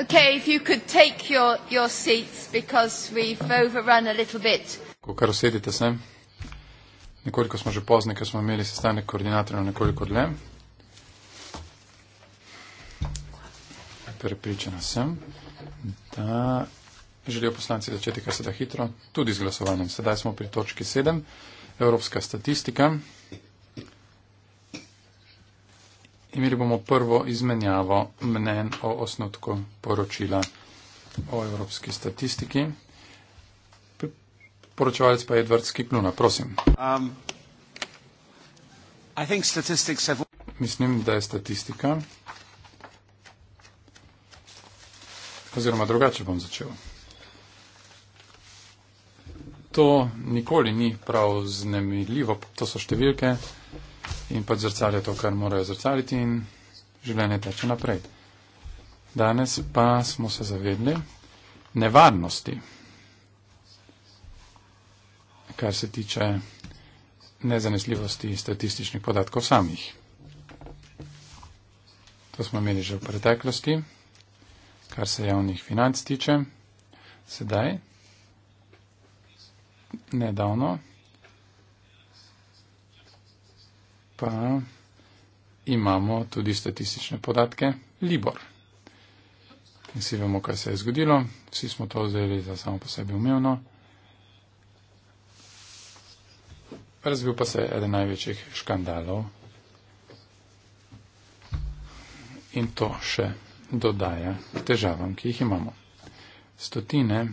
Okay, if you could take your, your seats because we've overrun a little bit. Kukar usedite se. Nekoliko smo že pozni, ker smo imeli sestanek koordinatorja nekoliko dlje. Prepričana sem, da želijo poslanci začeti kar se da hitro, tudi z glasovanjem. Sedaj smo pri točki 7, evropska statistika imeli bomo prvo izmenjavo mnen o osnutku poročila o evropski statistiki. Poročevalec pa je Edvard Skipluna, prosim. Um, Mislim, da je statistika. Oziroma drugače bom začel. To nikoli ni prav znemirljivo, to so številke in pa zrcalijo to, kar morajo zrcaliti in življenje teče naprej. Danes pa smo se zavedli nevarnosti, kar se tiče nezanesljivosti statističnih podatkov samih. To smo imeli že v preteklosti, kar se javnih financ tiče. Sedaj, nedavno, pa imamo tudi statistične podatke Libor. In si vemo, kaj se je zgodilo. Vsi smo to vzeli za samo po sebi umevno. Razvil pa se je eden največjih škandalov. In to še dodaja težavam, ki jih imamo. Stotine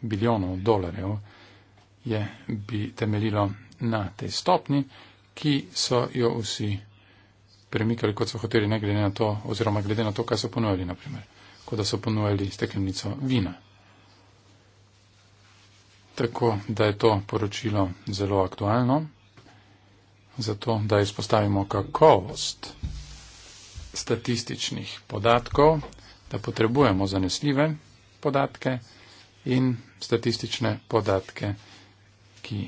bilijonov dolarjev je bi temeljilo na tej stopni, ki so jo vsi premikali, kot so hoteli, ne glede na to, oziroma glede na to, kaj so ponujali, naprimer, kot da so ponujali steklenico vina. Tako da je to poročilo zelo aktualno, zato da izpostavimo kakovost statističnih podatkov, da potrebujemo zanesljive podatke in statistične podatke, ki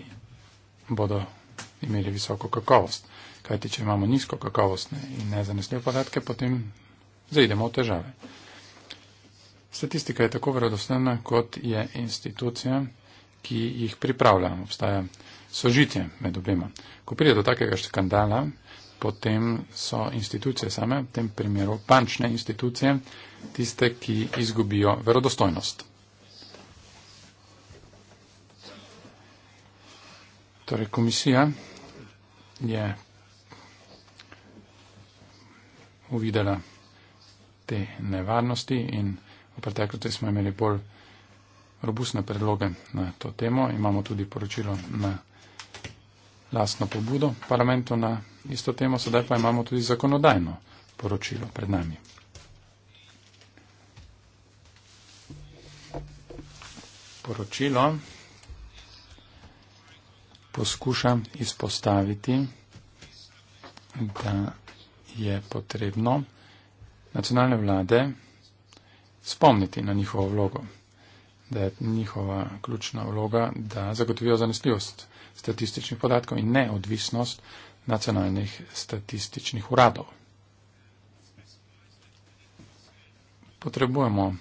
bodo imeli visoko kakovost. Kajti, če imamo nizko kakovostne in nezanesljive podatke, potem zaidemo v težave. Statistika je tako verodostojna, kot je institucija, ki jih pripravlja. Obstaja sožitje med obema. Ko pride do takega škandala, potem so institucije same, v tem primeru bančne institucije, tiste, ki izgubijo verodostojnost. Torej, komisija je uvidela te nevarnosti in v preteklosti smo imeli bolj robustne predloge na to temo. Imamo tudi poročilo na lastno pobudo parlamentu na isto temo, sedaj pa imamo tudi zakonodajno poročilo pred nami. Poročilo poskušam izpostaviti, da je potrebno nacionalne vlade spomniti na njihovo vlogo, da je njihova ključna vloga, da zagotovijo zanesljivost statističnih podatkov in neodvisnost nacionalnih statističnih uradov. Potrebujemo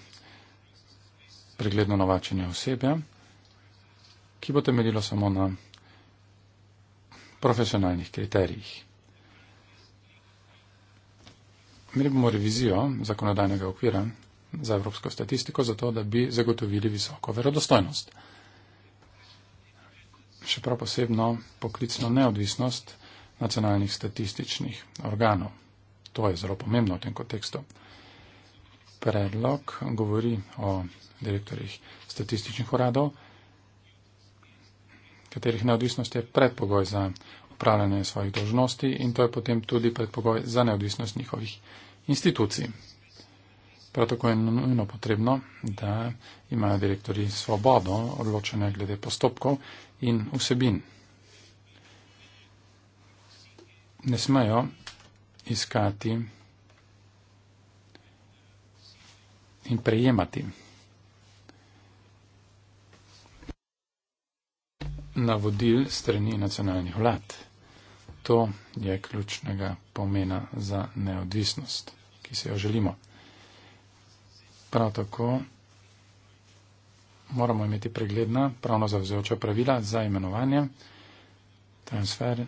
pregledno navačenje osebja, ki bo temeljilo samo na profesionalnih kriterijih. Imeli bomo revizijo zakonodajnega okvira za evropsko statistiko, zato da bi zagotovili visoko verodostojnost. Še prav posebno poklicno neodvisnost nacionalnih statističnih organov. To je zelo pomembno v tem kontekstu. Predlog govori o direktorjih statističnih uradov katerih neodvisnost je predpogoj za upravljanje svojih dožnosti in to je potem tudi predpogoj za neodvisnost njihovih institucij. Prav tako je nujno potrebno, da imajo direktori svobodo odločene glede postopkov in vsebin. Ne smejo iskati in prejemati navodil strani nacionalnih vlad. To je ključnega pomena za neodvisnost, ki se jo želimo. Prav tako moramo imeti pregledna pravno zavzajoča pravila za imenovanje, transfer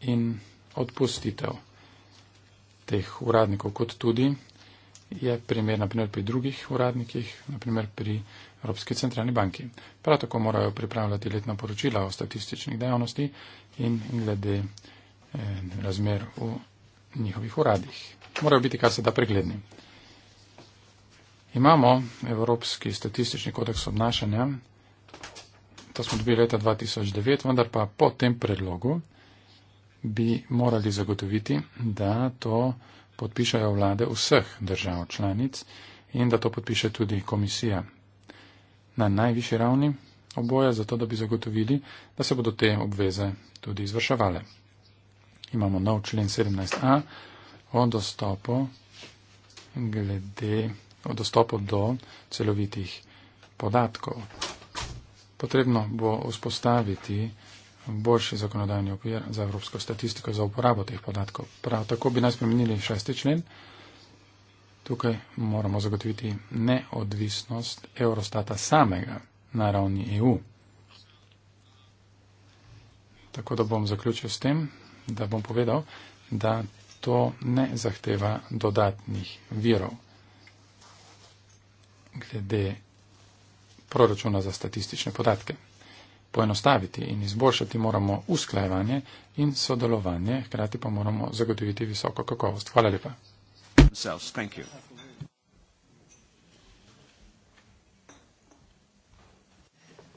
in odpustitev teh uradnikov, kot tudi je primer naprimer pri drugih uradnikih, naprimer pri Evropski centralni banki. Prav tako morajo pripravljati letna poročila o statističnih dejavnosti in glede eh, razmer v njihovih uradih. Morajo biti kar se da pregledni. Imamo Evropski statistični kodeks obnašanja, to smo dobili leta 2009, vendar pa po tem predlogu bi morali zagotoviti, da to podpišajo vlade vseh držav članic in da to podpiše tudi komisija na najvišji ravni oboje, zato da bi zagotovili, da se bodo te obveze tudi izvrševale. Imamo nov člen 17a o dostopu, glede, o dostopu do celovitih podatkov. Potrebno bo vzpostaviti boljši zakonodajni okvir za evropsko statistiko za uporabo teh podatkov. Prav tako bi naj spremenili šesti člen. Tukaj moramo zagotoviti neodvisnost Eurostata samega na ravni EU. Tako da bom zaključil s tem, da bom povedal, da to ne zahteva dodatnih virov glede proračuna za statistične podatke poenostaviti in izboljšati moramo usklajevanje in sodelovanje, hkrati pa moramo zagotoviti visoko kakovost. Hvala lepa.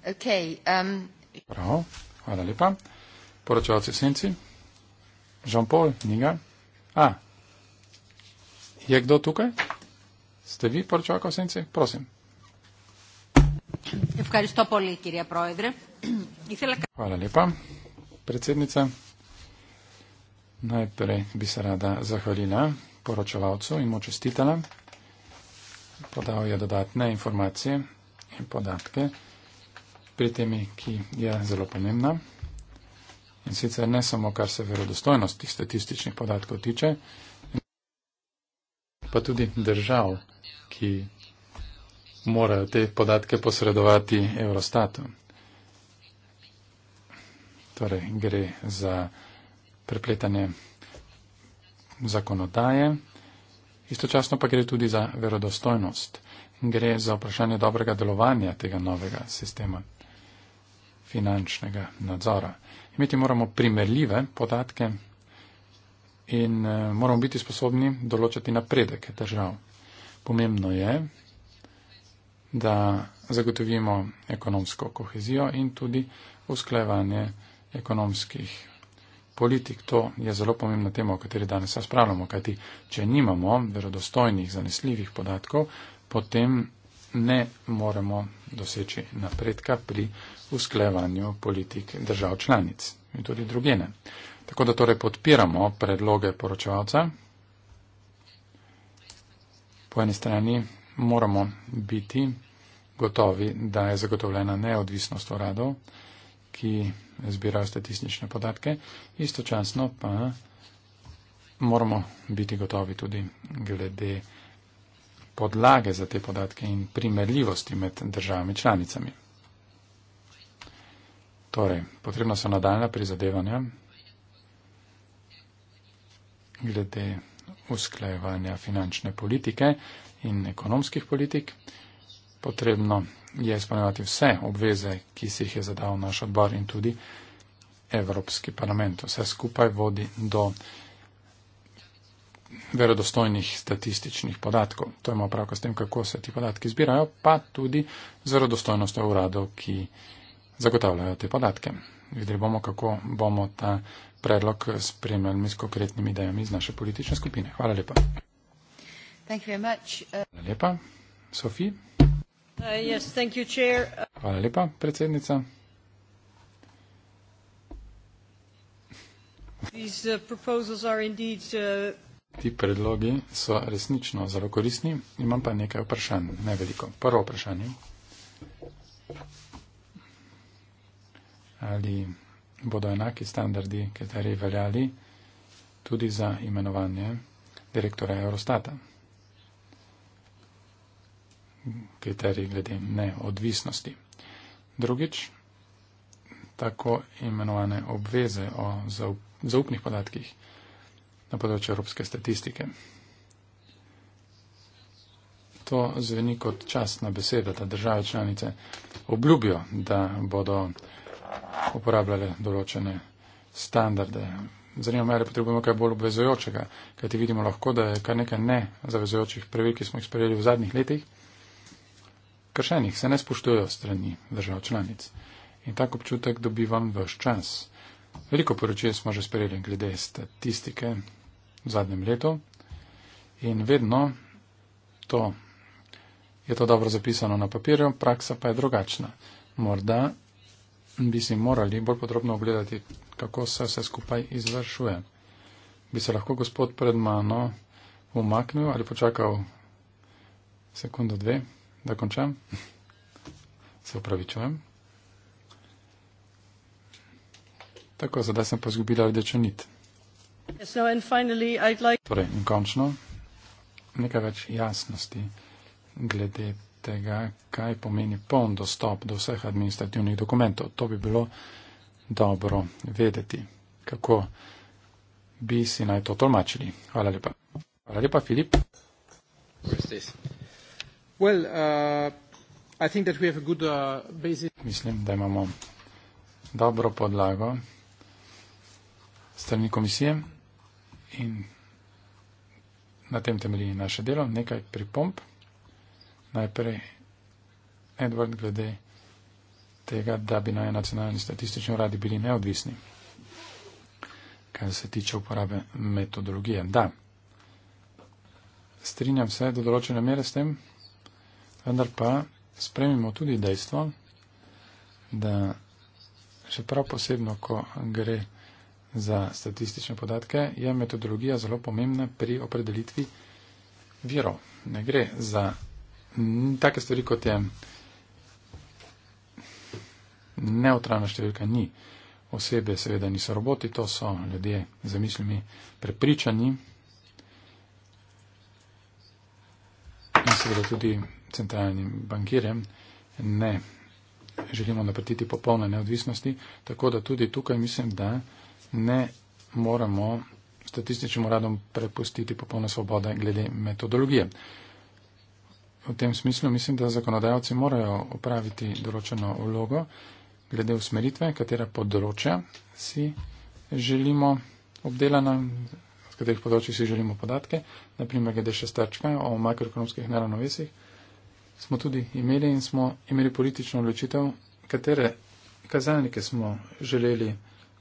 Okay, um... Prav, hvala lepa. Poročevalci v senci. Jean-Paul, Niga. A, je kdo tukaj? Ste vi poročevalka v senci? Prosim. Ευχαριστώ πολύ, κυρία Πρόεδρε. Ήθελα... Hvala lepa, predsednica. Najprej bi se rada zahvalila poročevalcu in mu čestitala. Podal je dodatne informacije in podatke pri temi, ki je zelo pomembna. In sicer ne samo, kar se verodostojnosti statističnih podatkov tiče, pa tudi držav, ki morajo te podatke posredovati Eurostatu. Torej, gre za prepletanje zakonodaje, istočasno pa gre tudi za verodostojnost. Gre za vprašanje dobrega delovanja tega novega sistema finančnega nadzora. Imeti moramo primerljive podatke in eh, moramo biti sposobni določati napredek držav. Pomembno je, da zagotovimo ekonomsko kohezijo in tudi usklajevanje ekonomskih politik. To je zelo pomembna tema, o kateri danes razpravljamo, kajti če nimamo verodostojnih, zanesljivih podatkov, potem ne moremo doseči napredka pri usklajevanju politik držav članic in tudi drugene. Tako da torej podpiramo predloge poročevalca. Po eni strani moramo biti gotovi, da je zagotovljena neodvisnost uradov, ki zbirajo statistične podatke, istočasno pa moramo biti gotovi tudi glede podlage za te podatke in primerljivosti med državami članicami. Torej, potrebna so nadaljna prizadevanja glede usklajevanja finančne politike, in ekonomskih politik. Potrebno je izpolnjevati vse obveze, ki si jih je zadal naš odbor in tudi Evropski parlament. Vse skupaj vodi do verodostojnih statističnih podatkov. To imamo pravko s tem, kako se ti podatki zbirajo, pa tudi z verodostojnostjo uradov, ki zagotavljajo te podatke. Videli bomo, kako bomo ta predlog spremljali s konkretnimi idejami iz naše politične skupine. Hvala lepa. Uh, Hvala lepa. Sofi? Uh, Hvala lepa, predsednica. Uh, Ti predlogi so resnično zelo korisni, imam pa nekaj vprašanj, ne veliko. Prvo vprašanje. Ali bodo enaki standardi, kateri veljali tudi za imenovanje direktora Eurostata? kriterij glede neodvisnosti. Drugič, tako imenovane obveze o zaupnih podatkih na področju evropske statistike. To zveni kot častna beseda, da države članice obljubijo, da bodo uporabljale določene standarde. Zanima me, ali potrebujemo kaj bolj obvezujočega, kajti vidimo lahko, da je kar nekaj nezavezujočih pravil, ki smo jih sprejeli v zadnjih letih kršenih, se ne spoštujejo strani držav članic. In tak občutek dobivam vse čas. Veliko poročil smo že sprejeli glede statistike v zadnjem letu in vedno to, je to dobro zapisano na papirju, praksa pa je drugačna. Morda bi si morali bolj podrobno ogledati, kako se vse skupaj izvršuje. Bi se lahko gospod pred mano umaknil ali počakal sekundo dve? da končam. Se upravičujem. Tako, zdaj sem pa izgubila rdečo nit. Yes, no, like... Torej, in končno, nekaj več jasnosti glede tega, kaj pomeni poln dostop do vseh administrativnih dokumentov. To bi bilo dobro vedeti, kako bi si naj to tolmačili. Hvala lepa. Hvala lepa, Filip. Where is this? Well, uh, I think that we have a good uh, basis. Mislim, da imamo dobro podlago strani komisije in na tem temelji naše delo. Nekaj pripomp. Najprej Edward glede tega, da bi naj nacionalni statistični uradi bili neodvisni. Kaj se tiče uporabe metodologije. Da, strinjam se do določene mere s tem vendar pa spremimo tudi dejstvo, da še prav posebno, ko gre za statistične podatke, je metodologija zelo pomembna pri opredelitvi virov. Ne gre za take stvari, kot je neutralna številka ni. Osebe seveda niso roboti, to so ljudje z mislimi prepričani, seveda tudi centralnim bankirjem, ne želimo napretiti popolne neodvisnosti, tako da tudi tukaj mislim, da ne moramo statističnim uradom prepustiti popolne svobode glede metodologije. V tem smislu mislim, da zakonodajalci morajo upraviti določeno vlogo glede usmeritve, katera področja si želimo obdelana katerih področjih si želimo podatke, naprimer glede šestačka o makroekonomskih neravnovesih, smo tudi imeli in smo imeli politično odločitev, katere kazalnike smo želeli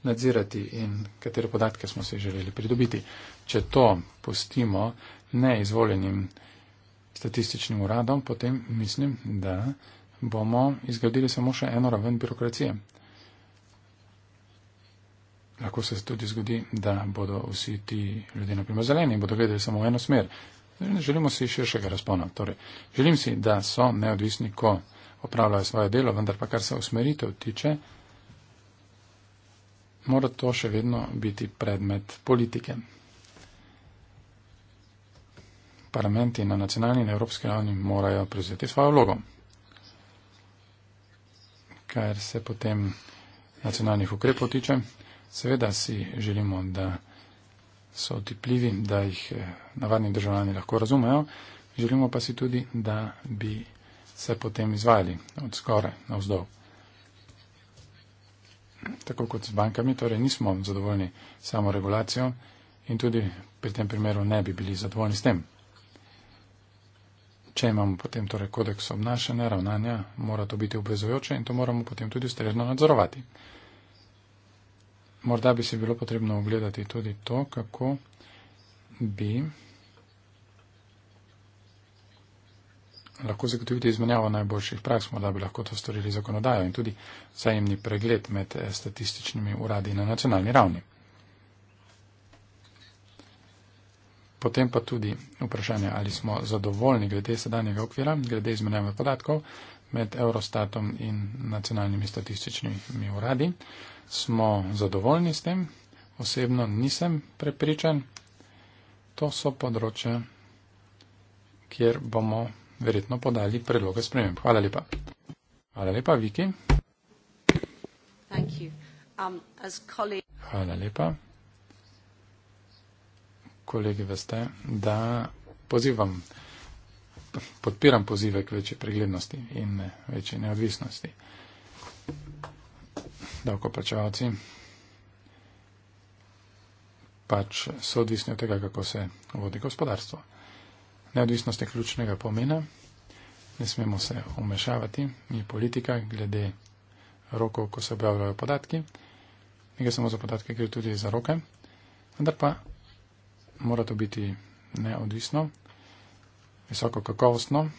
nadzirati in katere podatke smo si želeli pridobiti. Če to postimo neizvoljenim statističnim uradom, potem mislim, da bomo izgradili samo še eno raven birokracije lahko se tudi zgodi, da bodo vsi ti ljudje, naprimer zeleni, bodo gledali samo v eno smer. Želimo si širšega razpona. Torej, želim si, da so neodvisni, ko opravljajo svoje delo, vendar pa kar se usmeritev tiče, mora to še vedno biti predmet politike. Parlamenti na nacionalni in evropski ravni morajo prevzeti svojo vlogo, ker se potem nacionalnih ukrepov tiče, Seveda si želimo, da so otipljivi, da jih eh, navadni državljani lahko razumejo, želimo pa si tudi, da bi se potem izvajali od skoraj na vzdolj. Tako kot s bankami, torej nismo zadovoljni samo regulacijo in tudi pri tem primeru ne bi bili zadovoljni s tem. Če imamo potem torej kodeks obnašanja, ravnanja, mora to biti obvezujoče in to moramo potem tudi ustrezno nadzorovati morda bi se bilo potrebno ogledati tudi to, kako bi lahko zagotovili izmenjavo najboljših praks, morda bi lahko to storili zakonodajo in tudi zajemni pregled med eh, statističnimi uradi na nacionalni ravni. Potem pa tudi vprašanje, ali smo zadovoljni glede sedanjega okvira, glede izmenjave podatkov med Eurostatom in nacionalnimi statističnimi uradi. Smo zadovoljni s tem, osebno nisem prepričan. To so področje, kjer bomo verjetno podali predloge spremem. Hvala lepa. Hvala lepa, Viki. Um, Hvala lepa. Kolegi, veste, da pozivam podpiram pozive k večji preglednosti in eh, večji neodvisnosti. Davkoplačevalci pač so odvisni od tega, kako se vodi gospodarstvo. Neodvisnost je ključnega pomena. Ne smemo se umešavati, mi je politika glede rokov, ko se objavljajo podatki. Ne gre samo za podatke, gre tudi za roke. Vendar pa mora to biti neodvisno, visoko kakovostno,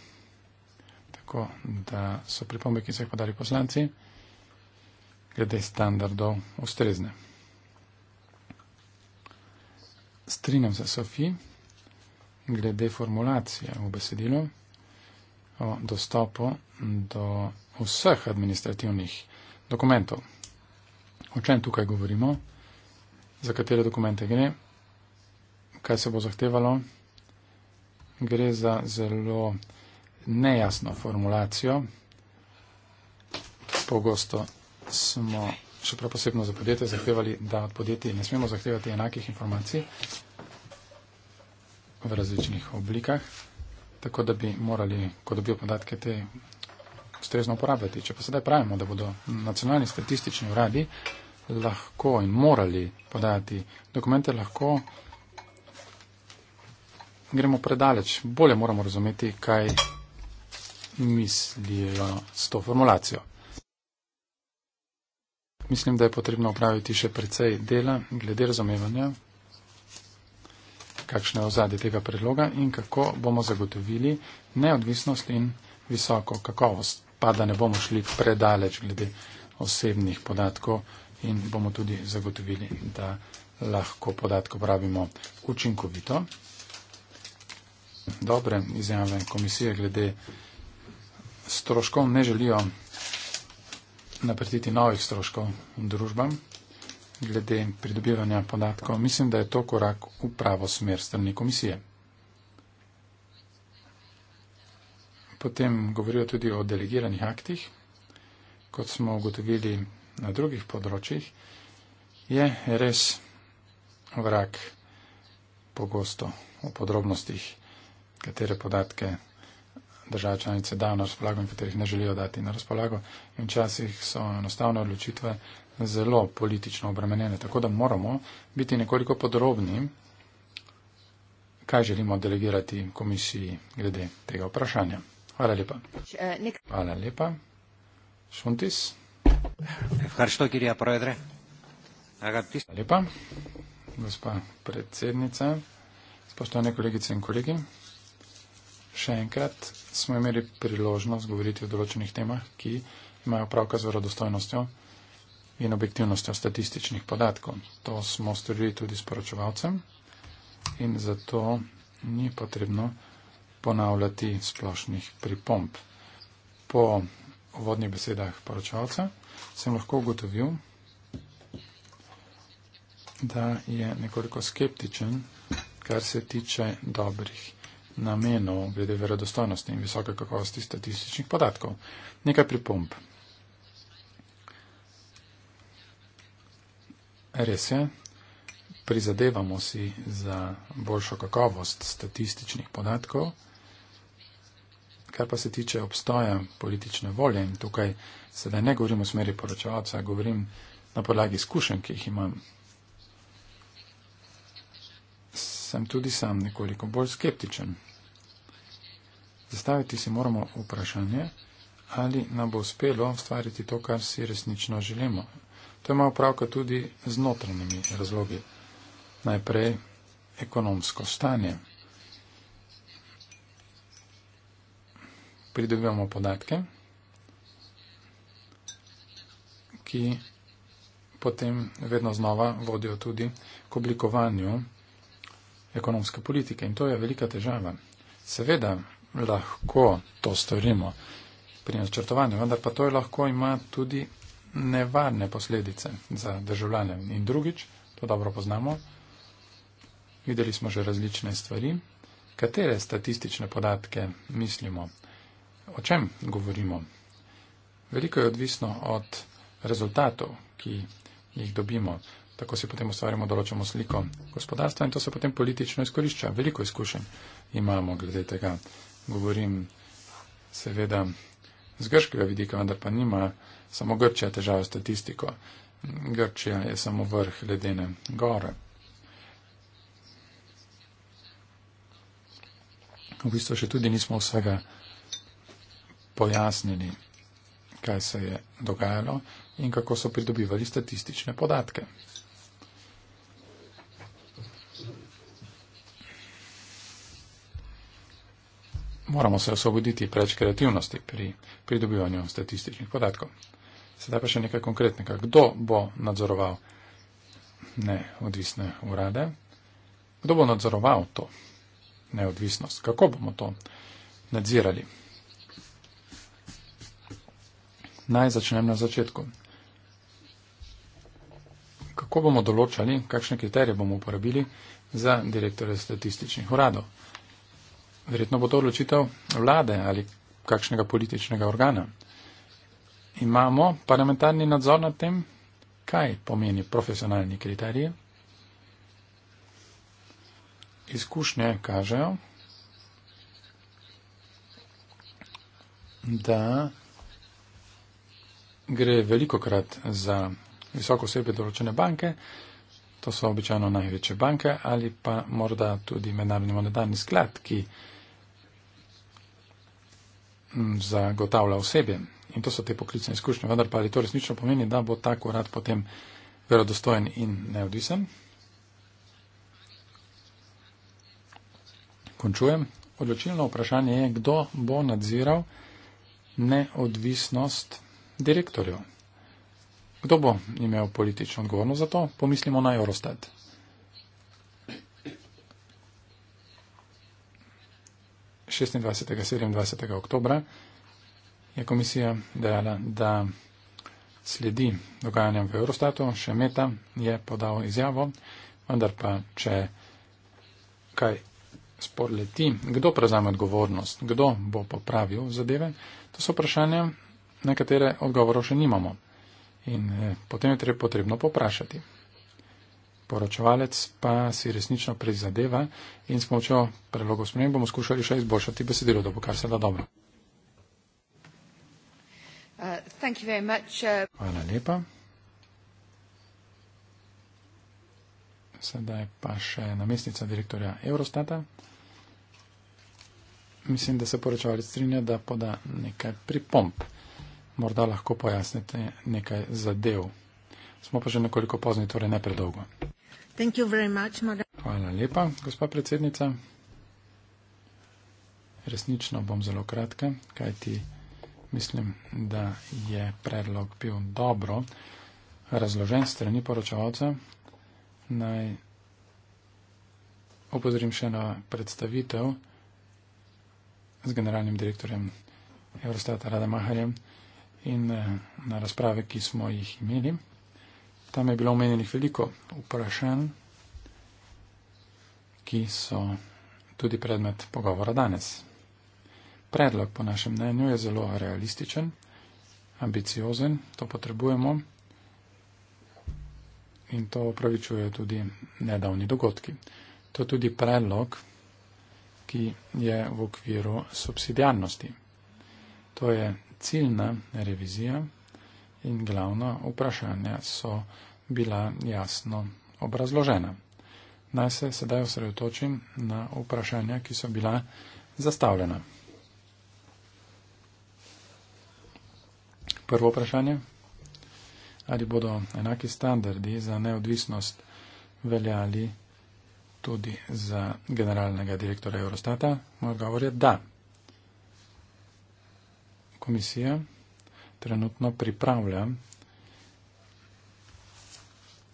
tako da so pripombe, ki so jih podali poslanci, glede standardov ustrezne. Strinjam se Sofiji glede formulacije v besedilu o dostopu do vseh administrativnih dokumentov. O čem tukaj govorimo, za katere dokumente gre, kaj se bo zahtevalo gre za zelo nejasno formulacijo. Pogosto smo, še prav posebno za podjetje, zahtevali, da od podjetij ne smemo zahtevati enakih informacij v različnih oblikah, tako da bi morali, ko dobijo podatke, te ustrezno uporabljati. Če pa sedaj pravimo, da bodo nacionalni statistični uradi lahko in morali podajati dokumente, lahko gremo predaleč. Bolje moramo razumeti, kaj mislijo s to formulacijo. Mislim, da je potrebno upraviti še precej dela glede razumevanja, kakšno je ozadje tega predloga in kako bomo zagotovili neodvisnost in visoko kakovost, pa da ne bomo šli predaleč glede osebnih podatkov in bomo tudi zagotovili, da lahko podatko pravimo učinkovito dobre izjave komisije glede stroškov, ne želijo napretiti novih stroškov družbam glede pridobivanja podatkov. Mislim, da je to korak v pravo smer strani komisije. Potem govorijo tudi o delegiranih aktih. Kot smo ugotovili na drugih področjih, je res vrak pogosto o podrobnostih katere podatke države članice dajo na razpolago in katerih ne želijo dati na razpolago. In včasih so enostavne odločitve zelo politično obremenjene, tako da moramo biti nekoliko podrobni, kaj želimo delegirati komisiji glede tega vprašanja. Hvala lepa. Hvala lepa. Šuntis. Hvala lepa, gospa predsednica, spoštovane kolegice in kolegi še enkrat smo imeli priložnost govoriti o določenih temah, ki imajo pravka z verodostojnostjo in objektivnostjo statističnih podatkov. To smo storili tudi s poročevalcem in zato ni potrebno ponavljati splošnih pripomp. Po uvodnih besedah poročevalca sem lahko ugotovil, da je nekoliko skeptičen, kar se tiče dobrih namenov glede verodostojnosti in visoke kakovosti statističnih podatkov. Nekaj pripomp. Res je, prizadevamo si za boljšo kakovost statističnih podatkov, kar pa se tiče obstoja politične volje in tukaj sedaj ne govorim o smeri poročevalca, govorim na podlagi izkušenj, ki jih imam sem tudi sam nekoliko bolj skeptičen. Zastaviti si moramo vprašanje, ali nam bo uspelo ustvariti to, kar si resnično želimo. To ima opravka tudi z notranjimi razlogi. Najprej ekonomsko stanje. Pridobivamo podatke, ki potem vedno znova vodijo tudi k oblikovanju ekonomske politike in to je velika težava. Seveda lahko to storimo pri načrtovanju, vendar pa to lahko ima tudi nevarne posledice za državljane. In drugič, to dobro poznamo, videli smo že različne stvari, katere statistične podatke mislimo, o čem govorimo. Veliko je odvisno od rezultatov, ki jih dobimo. Tako si potem ustvarjamo določeno sliko gospodarstva in to se potem politično izkorišča. Veliko izkušenj imamo glede tega. Govorim seveda z grškega vidika, vendar pa nima samo Grčija težave s statistiko. Grčija je samo vrh ledene gore. V bistvu še tudi nismo vsega pojasnili, kaj se je dogajalo in kako so pridobivali statistične podatke. Moramo se osvoboditi preč kreativnosti pri pridobivanju statističnih podatkov. Sedaj pa še nekaj konkretnega. Kdo bo nadzoroval neodvisne urade? Kdo bo nadzoroval to neodvisnost? Kako bomo to nadzirali? Naj začnem na začetku. Kako bomo določali, kakšne kriterije bomo uporabili za direktore statističnih uradov? Verjetno bo to odločitev vlade ali kakšnega političnega organa. Imamo parlamentarni nadzor nad tem, kaj pomeni profesionalni kriterij. Izkušnje kažejo, da gre veliko krat za visoko osebe določene banke, to so običajno največje banke ali pa morda tudi mednarodni monetarni sklad, ki zagotavlja osebje. In to so te poklicne izkušnje. Vendar pa ali to resnično pomeni, da bo tak urad potem verodostojen in neodvisen? Končujem. Odločilno vprašanje je, kdo bo nadziral neodvisnost direktorjev. Kdo bo imel politično odgovornost za to? Pomislimo na Eurostat. 26. in 27. oktober je komisija dejala, da sledi dogajanjem v Eurostatu, še Meta je podal izjavo, vendar pa, če kaj spor leti, kdo prevzame odgovornost, kdo bo popravil zadeve, to so vprašanja, na katere odgovorov še nimamo. In eh, potem je treba potrebno poprašati poročevalec pa si resnično prizadeva in s pomočjo predlogov sprememb bomo skušali še izboljšati besedilo, da bo kar se da dobro. Uh, uh, Hvala lepa. Sedaj pa še namestnica direktorja Eurostata. Mislim, da se poročevalec strinja, da poda nekaj pripomp. Morda lahko pojasnite nekaj zadev. Smo pa že nekoliko pozni, torej ne predolgo. Hvala lepa, gospa predsednica. Resnično bom zelo kratka, kajti mislim, da je predlog bil dobro razložen strani poročavca. Naj opozorim še na predstavitev z generalnim direktorjem Eurostata Rada Maharjem in eh, na razprave, ki smo jih imeli. Tam je bilo omenjenih veliko vprašanj, ki so tudi predmet pogovora danes. Predlog po našem mnenju je zelo realističen, ambiciozen, to potrebujemo in to upravičuje tudi nedavni dogodki. To je tudi predlog, ki je v okviru subsidijarnosti. To je ciljna revizija in glavna vprašanja so bila jasno obrazložena. Naj se sedaj osredotočim na vprašanja, ki so bila zastavljena. Prvo vprašanje. Ali bodo enaki standardi za neodvisnost veljali tudi za generalnega direktora Eurostata? Moj govor je da. Komisija trenutno pripravlja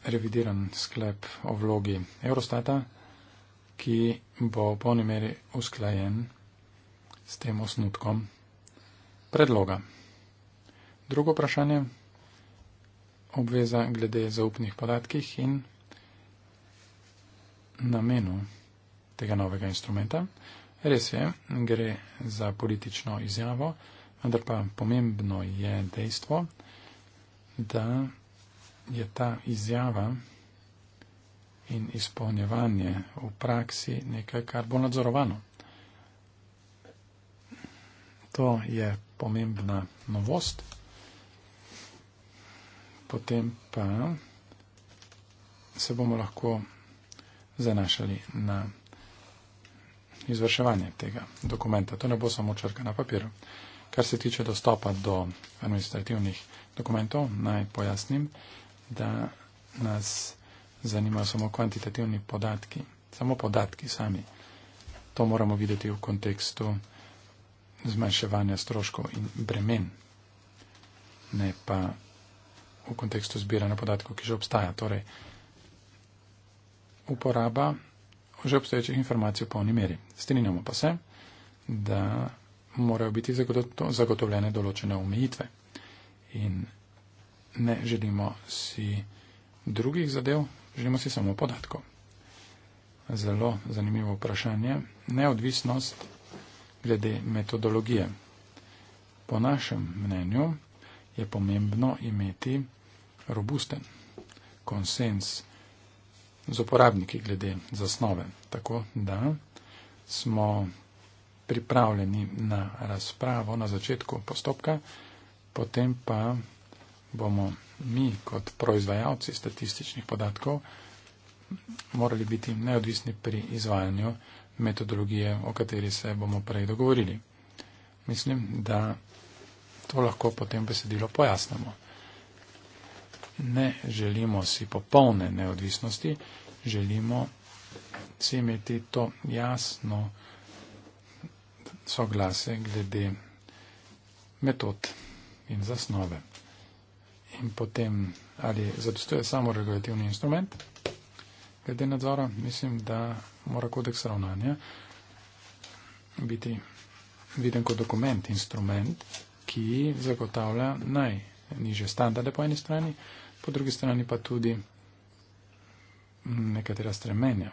revidiran sklep o vlogi Eurostata, ki bo v polni meri usklajen s tem osnutkom predloga. Drugo vprašanje, obveza glede zaupnih podatkih in namenu tega novega instrumenta. Res je, gre za politično izjavo, vendar pa pomembno je dejstvo, da je ta izjava in izpolnjevanje v praksi nekaj, kar bo nadzorovano. To je pomembna novost. Potem pa se bomo lahko zanašali na izvrševanje tega dokumenta. To ne bo samo črka na papiru. Kar se tiče dostopa do administrativnih dokumentov, naj pojasnim, da nas zanimajo samo kvantitativni podatki, samo podatki sami. To moramo videti v kontekstu zmanjševanja stroškov in bremen, ne pa v kontekstu zbiranja podatkov, ki že obstaja. Torej, uporaba že obstoječih informacij v polni meri. Strinjamo pa se, da morajo biti zagotovljene določene omejitve. In ne želimo si drugih zadev, želimo si samo podatkov. Zelo zanimivo vprašanje. Neodvisnost glede metodologije. Po našem mnenju je pomembno imeti robusten konsens z uporabniki glede zasnove, tako da smo pripravljeni na razpravo na začetku postopka, potem pa bomo mi kot proizvajalci statističnih podatkov morali biti neodvisni pri izvajanju metodologije, o kateri se bomo prej dogovorili. Mislim, da to lahko potem besedilo pojasnimo. Ne želimo si popolne neodvisnosti, želimo si imeti to jasno, soglase glede metod in zasnove. In potem, ali zadostuje samo regulativni instrument, glede nadzora, mislim, da mora kodeks ravnanja biti viden kot dokument, instrument, ki zagotavlja najniže standarde po eni strani, po drugi strani pa tudi nekatera stremenja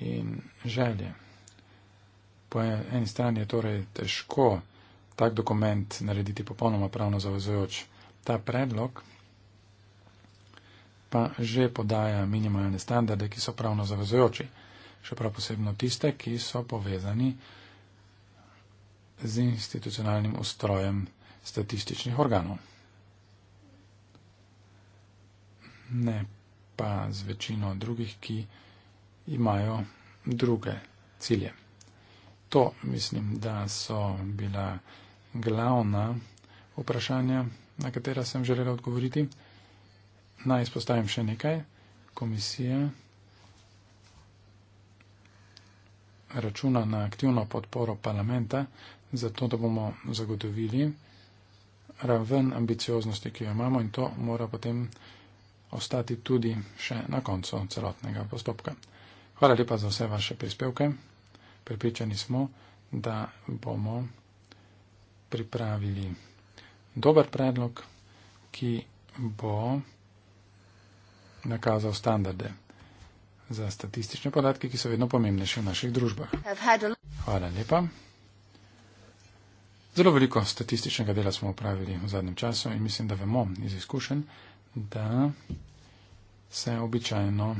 in želje. Po eni strani je torej težko tak dokument narediti popolnoma pravno zavezujoč. Ta predlog pa že podaja minimalne standarde, ki so pravno zavezujoči, še prav posebno tiste, ki so povezani z institucionalnim ustrojem statističnih organov. Ne pa z večino drugih, ki imajo druge cilje. To mislim, da so bila glavna vprašanja, na katera sem želela odgovoriti. Naj izpostavim še nekaj. Komisija računa na aktivno podporo parlamenta, zato da bomo zagotovili raven ambicioznosti, ki jo imamo in to mora potem ostati tudi še na koncu celotnega postopka. Hvala lepa za vse vaše prispevke. Prepričani smo, da bomo pripravili dober predlog, ki bo nakazal standarde za statistične podatke, ki so vedno pomembnejši v naših družbah. Hvala lepa. Zelo veliko statističnega dela smo upravili v zadnjem času in mislim, da vemo iz izkušenj, da se običajno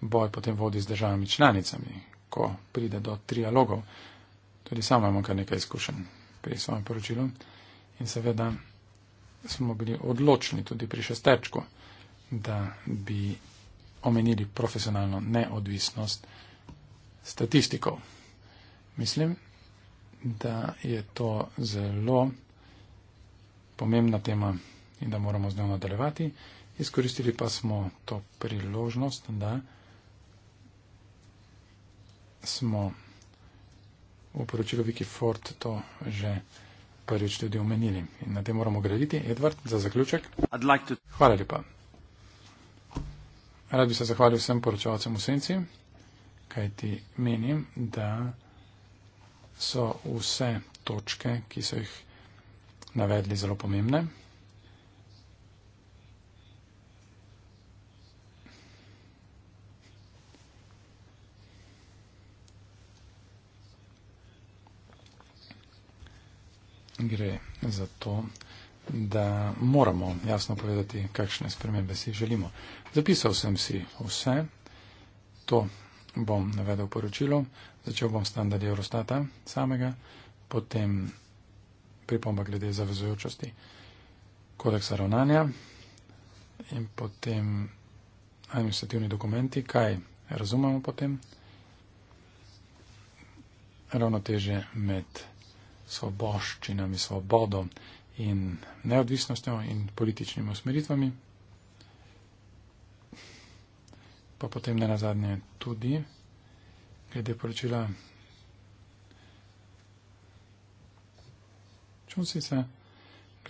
boj potem vodi z državami članicami, ko pride do trialogov. Tudi sam imamo kar nekaj izkušenj pri svojem poročilu in seveda smo bili odločni tudi pri šestečku, da bi omenili profesionalno neodvisnost statistikov. Mislim, da je to zelo pomembna tema in da moramo z njo nadaljevati. Izkoristili pa smo to priložnost, da smo v poročilu Wikifort to že prvič tudi omenili. In na tem moramo graditi. Edward, za zaključek. Like to... Hvala lepa. Rad bi se zahvalil vsem poročevalcem v senci, kajti menim, da so vse točke, ki so jih navedli, zelo pomembne. gre za to, da moramo jasno povedati, kakšne spremembe si želimo. Zapisal sem si vse, to bom navedel poročilo, začel bom standardi Eurostata samega, potem pripomba glede zavezujočosti kodeksa ravnanja in potem administrativni dokumenti, kaj razumemo potem, ravnoteže med svoboščinami, svobodo in neodvisnostjo in političnimi usmeritvami, pa potem ne nazadnje tudi glede poročila Čunsice,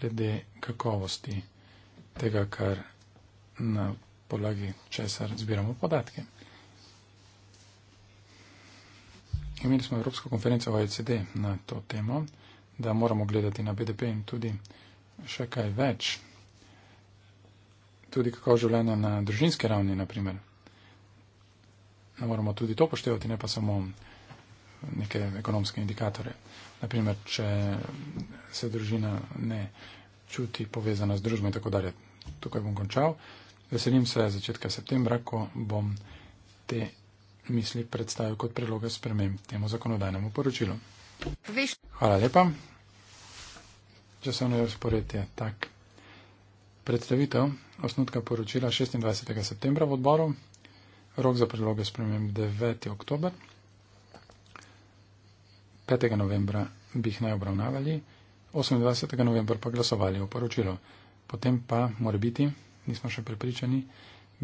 glede kakovosti tega, kar na podlagi česar zbiramo podatke. Imeli smo Evropsko konferenco OECD na to temo, da moramo gledati na BDP in tudi še kaj več. Tudi kako življenje na družinske ravni, naprimer. Ne moramo tudi to poštevati, ne pa samo neke ekonomske indikatore. Naprimer, če se družina ne čuti povezana z družbo in tako dalje. Tukaj bom končal. Veselim se začetka septembra, ko bom te misli predstavil kot predloge sprememb temu zakonodajnemu poročilu. Hvala lepa. Časovno razpored je tak. Predstavitev osnutka poročila 26. septembra v odboru, rok za predloge sprememb 9. oktober. 5. novembra bi jih naj obravnavali, 28. novembra pa glasovali o poročilu. Potem pa, mora biti, nismo še prepričani,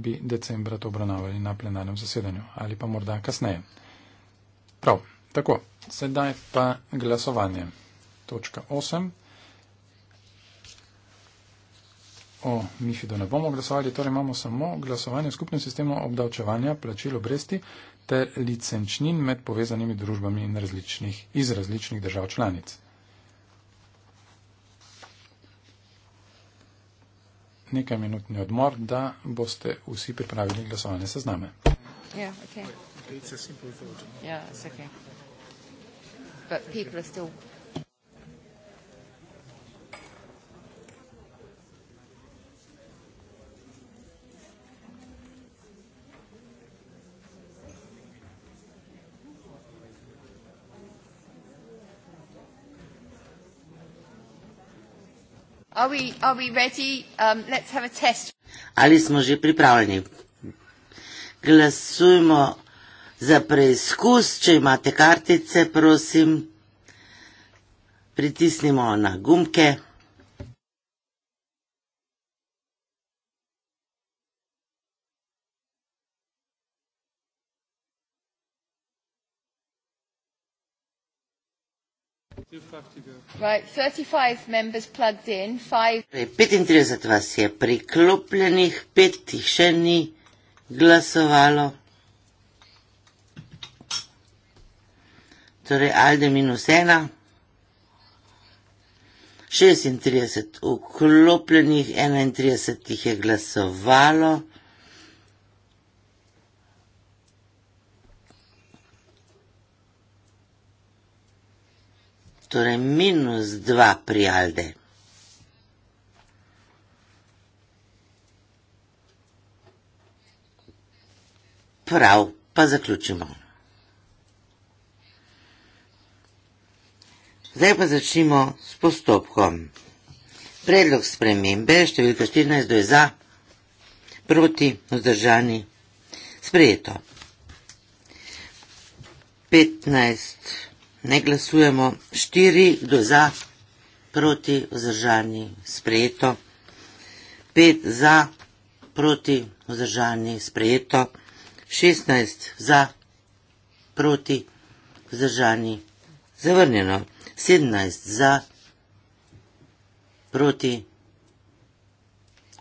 bi decembra to obravnavali na plenarnem zasedanju ali pa morda kasneje. Prav, tako, sedaj pa glasovanje. Točka 8. O Mifido ne bomo glasovali, torej imamo samo glasovanje v skupnem sistemu obdavčevanja, plačil obresti ter licenčnin med povezanimi družbami in različnih, iz različnih držav članic. nekaj minutni odmor, da boste vsi pripravili glasovanje sezname. Yeah, okay. Are we, are we ready? Um, let's have a test. Ali smo že pripravljeni? Glasujmo za preizkus, če imate kartice, prosim. Pritisnimo na gumke. Pet in torej, trideset vas je priklopljenih, pet jih še ni glasovalo. Torej, Alde minus ena. Šestintrideset vklopljenih, enaintrideset jih je glasovalo. torej minus 2 prijalde. Prav, pa zaključimo. Zdaj pa začnimo s postopkom. Predlog spremembe, številka 14, do je za, proti, vzdržani, sprejeto. 15, 15, ne glasujemo, štiri kdo za, proti vzdržani sprejeto, pet za, proti vzdržani sprejeto, šestnaest za, proti vzdržani zavrnjeno, sedemnaest za, proti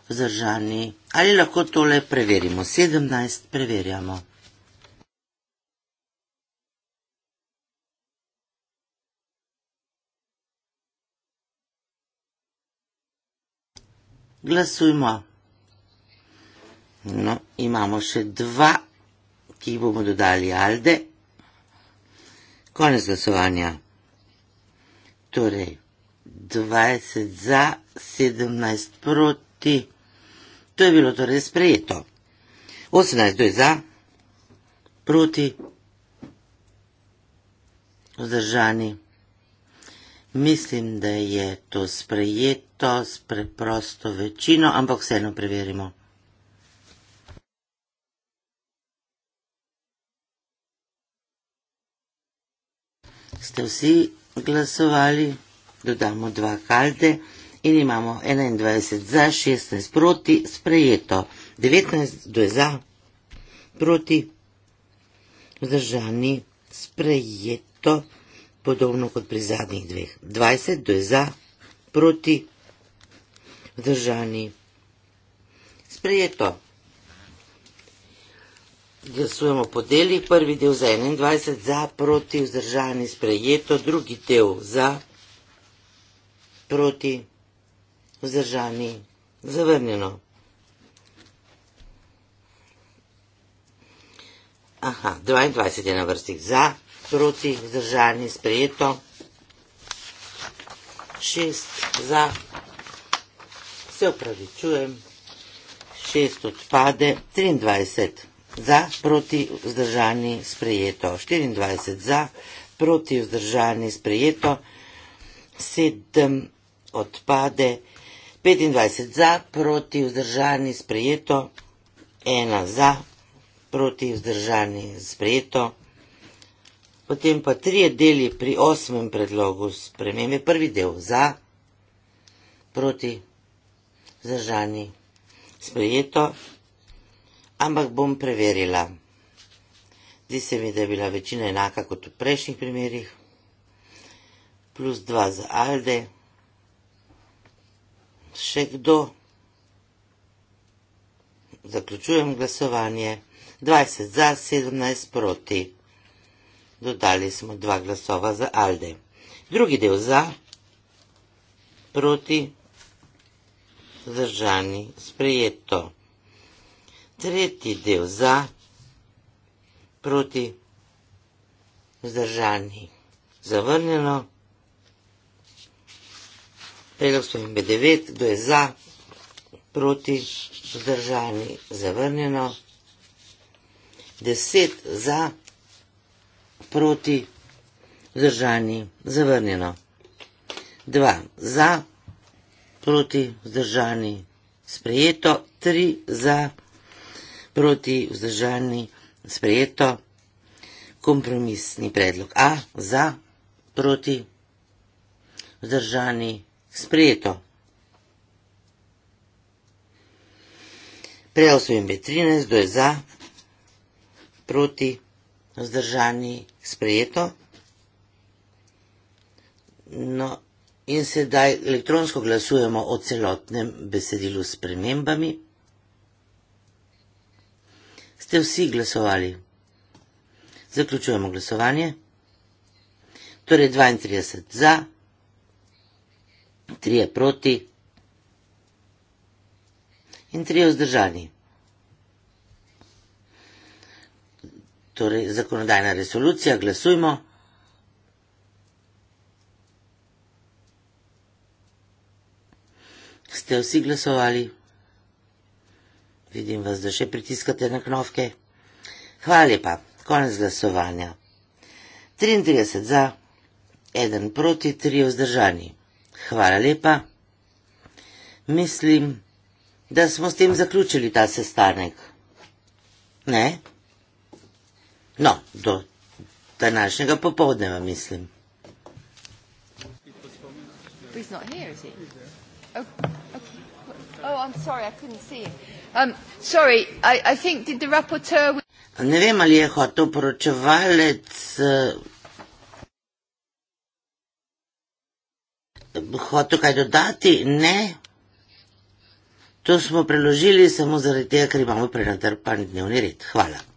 vzdržani ali lahko tole preverimo, sedemnaest preverjamo. glasujmo. No, imamo še dva, ki bomo dodali Alde. Konec glasovanja. Torej, 20 za, 17 proti. To je bilo torej sprejeto. 18 je za, proti, vzdržani. Mislim, da je to sprejeto s preprosto večino, ampak vseeno preverimo. Ste vsi glasovali, dodamo dva kalde in imamo 21 za, 16 proti, sprejeto. 19 do je za, proti, vzdržani, sprejeto podobno kot pri zadnjih dveh. 20 do je za, proti, vzdržani. Sprejeto. Glasujemo po delih. Prvi del za 21, za, proti, vzdržani, sprejeto. Drugi del za, proti, vzdržani, zavrnjeno. Aha, 22 je na vrsti za, proti vzdržani sprejeto, šest za, se upravičujem, šest odpade, 23 za, proti vzdržani sprejeto, 24 za, proti vzdržani sprejeto, sedem odpade, 25 za, proti vzdržani sprejeto, ena za, proti vzdržani sprejeto, potem pa trije deli pri osmem predlogu spremembe. Prvi del za, proti, zažani, sprejeto, ampak bom preverila. Zdi se mi, da je bila večina enaka kot v prejšnjih primerih. Plus dva za Alde. Še kdo? Zaključujem glasovanje. 20 za, 17 proti dodali smo dva glasova za Alde. Drugi del za, proti, zdržani, sprejeto. Tretji del za, proti, zdržani, zavrnjeno. Predlog smo imeli 9, kdo je za, proti, zdržani, zavrnjeno. 10 za, proti, zdržani, zavrnjeno. Dva, za, proti, zdržani, sprejeto. Tri, za, proti, zdržani, sprejeto. Kompromisni predlog. A, za, proti, zdržani, sprejeto. Preosvojim B13, kdo je za, proti, zdržani, sprejeto vzdržani, sprejeto. No, in sedaj elektronsko glasujemo o celotnem besedilu s premembami. Ste vsi glasovali? Zaključujemo glasovanje. Torej 32 za, 3 proti in 3 vzdržani. Torej, zakonodajna resolucija, glasujmo. Ste vsi glasovali? Vidim vas, da še pritiskate na knovke. Hvala lepa, konec glasovanja. 33 za, 1 proti, 3 vzdržani. Hvala lepa. Mislim, da smo s tem zaključili ta sestanek. Ne? No, do današnjega popovdneva, mislim. Ne vem, ali je hotel poročevalec. Eh, Hoto kaj dodati? Ne. To smo preložili samo zaradi tega, ker imamo prenatrpan dnevni red. Hvala.